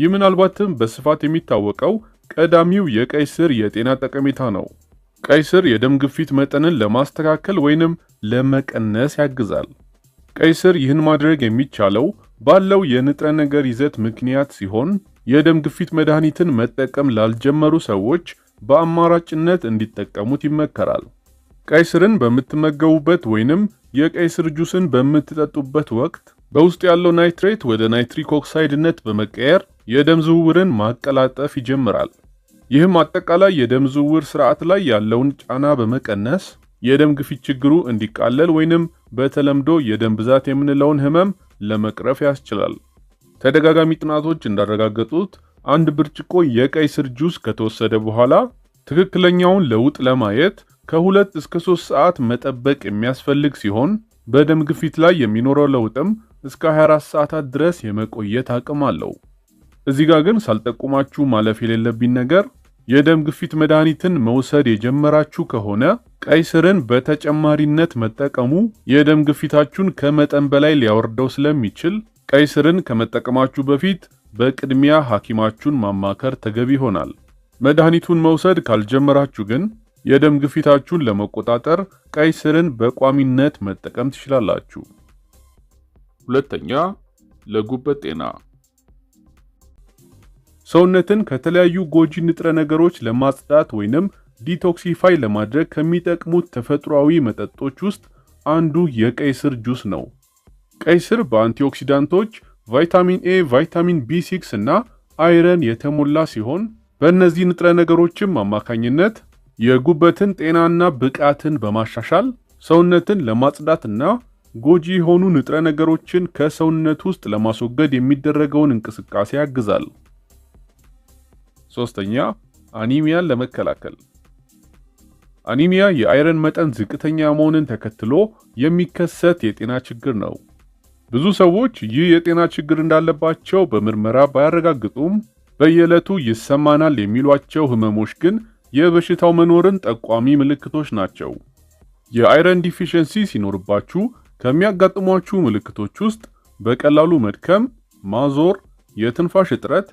ይህ ምናልባትም በስፋት የሚታወቀው ቀዳሚው የቀይ ስር የጤና ጠቀሜታ ነው። ቀይ ስር የደም ግፊት መጠንን ለማስተካከል ወይንም ለመቀነስ ያግዛል። ቀይ ስር ይህን ማድረግ የሚቻለው ባለው የንጥረ ነገር ይዘት ምክንያት ሲሆን የደም ግፊት መድኃኒትን መጠቀም ላልጀመሩ ሰዎች በአማራጭነት እንዲጠቀሙት ይመከራል። ቀይ ስርን በምትመገቡበት ወይንም የቀይ ስር ጁስን በምትጠጡበት ወቅት በውስጡ ያለው ናይትሬት ወደ ናይትሪክ ኦክሳይድነት በመቀየር የደም ዝውውርን ማቀላጠፍ ይጀምራል። ይህም አጠቃላይ የደም ዝውውር ስርዓት ላይ ያለውን ጫና በመቀነስ የደም ግፊት ችግሩ እንዲቃለል ወይንም በተለምዶ የደም ብዛት የምንለውን ህመም ለመቅረፍ ያስችላል። ተደጋጋሚ ጥናቶች እንዳረጋገጡት አንድ ብርጭቆ የቀይ ስር ጁስ ከተወሰደ በኋላ ትክክለኛውን ለውጥ ለማየት ከሁለት እስከ ሶስት ሰዓት መጠበቅ የሚያስፈልግ ሲሆን በደም ግፊት ላይ የሚኖረው ለውጥም እስከ 24 ሰዓታት ድረስ የመቆየት አቅም አለው። እዚህ ጋር ግን ሳልጠቁማችሁ ማለፍ የሌለብኝ ነገር የደም ግፊት መድኃኒትን መውሰድ የጀመራችሁ ከሆነ ቀይ ስርን በተጨማሪነት መጠቀሙ የደም ግፊታችሁን ከመጠን በላይ ሊያወርደው ስለሚችል ቀይ ስርን ከመጠቀማችሁ በፊት በቅድሚያ ሐኪማችሁን ማማከር ተገቢ ይሆናል። መድኃኒቱን መውሰድ ካልጀመራችሁ ግን የደም ግፊታችሁን ለመቆጣጠር ቀይ ስርን በቋሚነት መጠቀም ትችላላችሁ። ሁለተኛ ለጉበት ጤና ሰውነትን ከተለያዩ ጎጂ ንጥረ ነገሮች ለማጽዳት ወይንም ዲቶክሲፋይ ለማድረግ ከሚጠቅሙት ተፈጥሯዊ መጠጦች ውስጥ አንዱ የቀይ ስር ጁስ ነው። ቀይ ስር በአንቲኦክሲዳንቶች ቫይታሚን ኤ፣ ቫይታሚን ቢ6 እና አይረን የተሞላ ሲሆን በእነዚህ ንጥረ ነገሮችም አማካኝነት የጉበትን ጤናና ብቃትን በማሻሻል ሰውነትን ለማጽዳትና ጎጂ የሆኑ ንጥረ ነገሮችን ከሰውነት ውስጥ ለማስወገድ የሚደረገውን እንቅስቃሴ ያግዛል። ሶስተኛ አኒሚያን ለመከላከል አኒሚያ የአይረን መጠን ዝቅተኛ መሆንን ተከትሎ የሚከሰት የጤና ችግር ነው። ብዙ ሰዎች ይህ የጤና ችግር እንዳለባቸው በምርመራ ባያረጋግጡም በየዕለቱ ይሰማናል የሚሏቸው ህመሞች ግን የበሽታው መኖርን ጠቋሚ ምልክቶች ናቸው። የአይረን ዲፊሽንሲ ሲኖርባችሁ ከሚያጋጥሟችሁ ምልክቶች ውስጥ በቀላሉ መድከም፣ ማዞር፣ የትንፋሽ እጥረት፣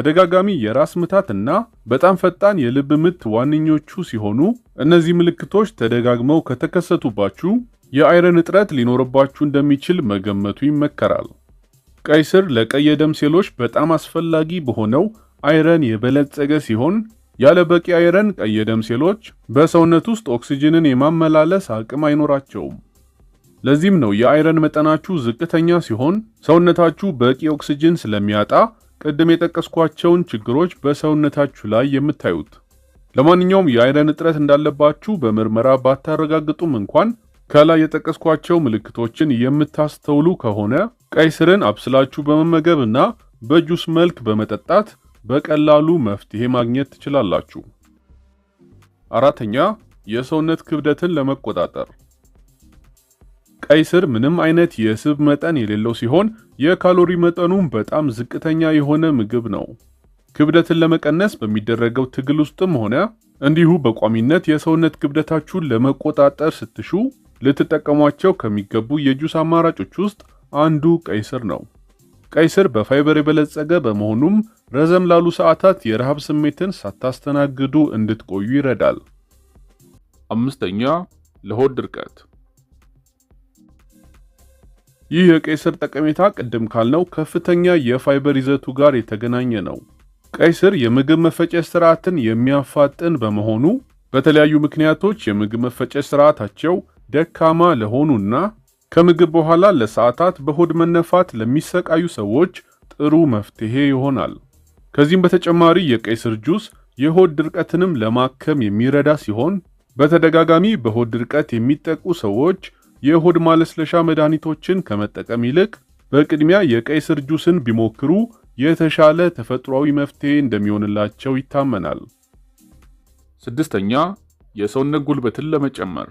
ተደጋጋሚ የራስ ምታት እና በጣም ፈጣን የልብ ምት ዋነኞቹ ሲሆኑ እነዚህ ምልክቶች ተደጋግመው ከተከሰቱባችሁ የአይረን እጥረት ሊኖርባችሁ እንደሚችል መገመቱ ይመከራል። ቀይ ስር ለቀይ የደም ሴሎች በጣም አስፈላጊ በሆነው አይረን የበለጸገ ሲሆን ያለ በቂ አይረን ቀይ ደም ሴሎች በሰውነት ውስጥ ኦክሲጅንን የማመላለስ አቅም አይኖራቸውም። ለዚህም ነው የአይረን መጠናችሁ ዝቅተኛ ሲሆን ሰውነታችሁ በቂ ኦክሲጅን ስለሚያጣ ቅድም የጠቀስኳቸውን ችግሮች በሰውነታችሁ ላይ የምታዩት። ለማንኛውም የአይረን እጥረት እንዳለባችሁ በምርመራ ባታረጋግጡም እንኳን ከላይ የጠቀስኳቸው ምልክቶችን የምታስተውሉ ከሆነ ቀይ ስርን አብስላችሁ በመመገብ እና በጁስ መልክ በመጠጣት በቀላሉ መፍትሄ ማግኘት ትችላላችሁ። አራተኛ የሰውነት ክብደትን ለመቆጣጠር ቀይ ስር ምንም አይነት የስብ መጠን የሌለው ሲሆን የካሎሪ መጠኑም በጣም ዝቅተኛ የሆነ ምግብ ነው። ክብደትን ለመቀነስ በሚደረገው ትግል ውስጥም ሆነ እንዲሁ በቋሚነት የሰውነት ክብደታችሁን ለመቆጣጠር ስትሹ ልትጠቀሟቸው ከሚገቡ የጁስ አማራጮች ውስጥ አንዱ ቀይ ስር ነው። ቀይ ስር በፋይበር የበለጸገ በመሆኑም ረዘም ላሉ ሰዓታት የረሃብ ስሜትን ሳታስተናግዱ እንድትቆዩ ይረዳል። አምስተኛ ለሆድ ድርቀት ይህ የቀይ ስር ጠቀሜታ ቅድም ካልነው ከፍተኛ የፋይበር ይዘቱ ጋር የተገናኘ ነው። ቀይ ስር የምግብ መፈጨት ስርዓትን የሚያፋጥን በመሆኑ በተለያዩ ምክንያቶች የምግብ መፈጨት ስርዓታቸው ደካማ ለሆኑና ከምግብ በኋላ ለሰዓታት በሆድ መነፋት ለሚሰቃዩ ሰዎች ጥሩ መፍትሄ ይሆናል። ከዚህም በተጨማሪ የቀይ ስር ጁስ የሆድ ድርቀትንም ለማከም የሚረዳ ሲሆን በተደጋጋሚ በሆድ ድርቀት የሚጠቁ ሰዎች የሆድ ማለስለሻ መድኃኒቶችን ከመጠቀም ይልቅ በቅድሚያ የቀይ ስር ጁስን ቢሞክሩ የተሻለ ተፈጥሯዊ መፍትሄ እንደሚሆንላቸው ይታመናል። ስድስተኛ የሰውነት ጉልበትን ለመጨመር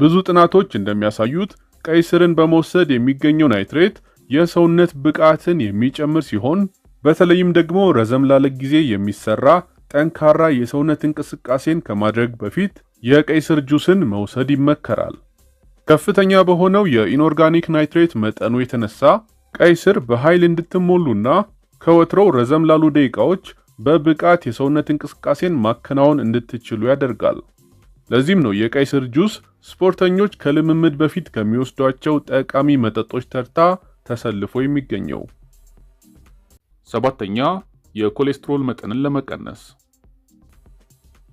ብዙ ጥናቶች እንደሚያሳዩት ቀይ ስርን በመውሰድ የሚገኘው ናይትሬት የሰውነት ብቃትን የሚጨምር ሲሆን በተለይም ደግሞ ረዘም ላለ ጊዜ የሚሰራ ጠንካራ የሰውነት እንቅስቃሴን ከማድረግ በፊት የቀይ ስር ጁስን መውሰድ ይመከራል። ከፍተኛ በሆነው የኢንኦርጋኒክ ናይትሬት መጠኑ የተነሳ ቀይ ስር በኃይል እንድትሞሉና ከወትሮው ረዘም ላሉ ደቂቃዎች በብቃት የሰውነት እንቅስቃሴን ማከናወን እንድትችሉ ያደርጋል። ለዚህም ነው የቀይ ስር ጁስ ስፖርተኞች ከልምምድ በፊት ከሚወስዷቸው ጠቃሚ መጠጦች ተርታ ተሰልፎ የሚገኘው። ሰባተኛ የኮሌስትሮል መጠንን ለመቀነስ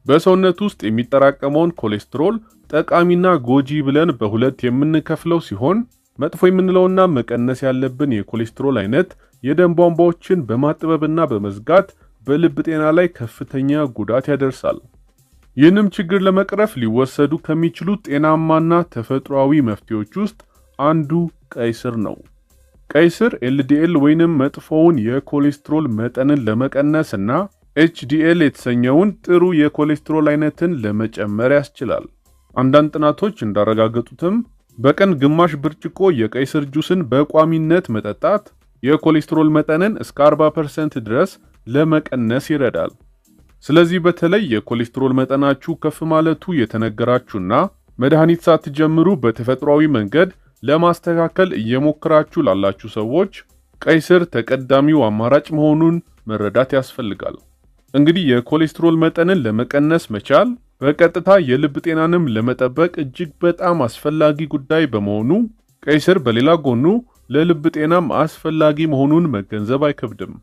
በሰውነት ውስጥ የሚጠራቀመውን ኮሌስትሮል ጠቃሚና ጎጂ ብለን በሁለት የምንከፍለው ሲሆን መጥፎ የምንለውና መቀነስ ያለብን የኮሌስትሮል አይነት የደም ቧንቧዎችን በማጥበብና በመዝጋት በልብ ጤና ላይ ከፍተኛ ጉዳት ያደርሳል። ይህንም ችግር ለመቅረፍ ሊወሰዱ ከሚችሉ ጤናማና ተፈጥሯዊ መፍትሄዎች ውስጥ አንዱ ቀይ ስር ነው። ቀይ ስር ኤልዲኤል ወይንም መጥፎውን የኮሌስትሮል መጠንን ለመቀነስ እና ኤችዲኤል የተሰኘውን ጥሩ የኮሌስትሮል አይነትን ለመጨመር ያስችላል። አንዳንድ ጥናቶች እንዳረጋገጡትም በቀን ግማሽ ብርጭቆ የቀይ ስር ጁስን በቋሚነት መጠጣት የኮሌስትሮል መጠንን እስከ 40% ድረስ ለመቀነስ ይረዳል። ስለዚህ በተለይ የኮሌስትሮል መጠናችሁ ከፍ ማለቱ የተነገራችሁና መድኃኒት ሳትጀምሩ በተፈጥሯዊ መንገድ ለማስተካከል እየሞከራችሁ ላላችሁ ሰዎች ቀይ ስር ተቀዳሚው አማራጭ መሆኑን መረዳት ያስፈልጋል። እንግዲህ የኮሌስትሮል መጠንን ለመቀነስ መቻል በቀጥታ የልብ ጤናንም ለመጠበቅ እጅግ በጣም አስፈላጊ ጉዳይ በመሆኑ ቀይ ስር በሌላ ጎኑ ለልብ ጤናም አስፈላጊ መሆኑን መገንዘብ አይከብድም።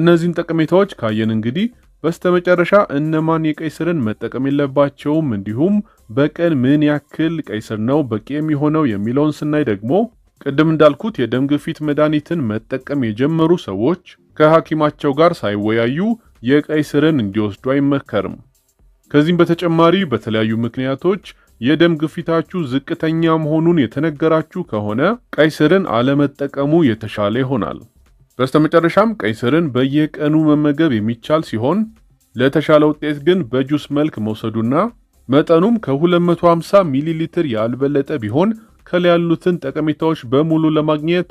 እነዚህን ጠቀሜታዎች ካየን እንግዲህ በስተመጨረሻ እነማን የቀይ ስርን መጠቀም የለባቸውም፣ እንዲሁም በቀን ምን ያክል ቀይ ስር ነው በቂ የሚሆነው የሚለውን ስናይ ደግሞ ቅድም እንዳልኩት የደም ግፊት መድኃኒትን መጠቀም የጀመሩ ሰዎች ከሐኪማቸው ጋር ሳይወያዩ የቀይ ስርን እንዲወስዱ አይመከርም። ከዚህም በተጨማሪ በተለያዩ ምክንያቶች የደም ግፊታችሁ ዝቅተኛ መሆኑን የተነገራችሁ ከሆነ ቀይ ስርን አለመጠቀሙ የተሻለ ይሆናል። በስተመጨረሻም ቀይ ስርን በየቀኑ መመገብ የሚቻል ሲሆን ለተሻለ ውጤት ግን በጁስ መልክ መውሰዱና መጠኑም ከ250 ሚሊ ሊትር ያልበለጠ ቢሆን ከላይ ያሉትን ጠቀሜታዎች በሙሉ ለማግኘት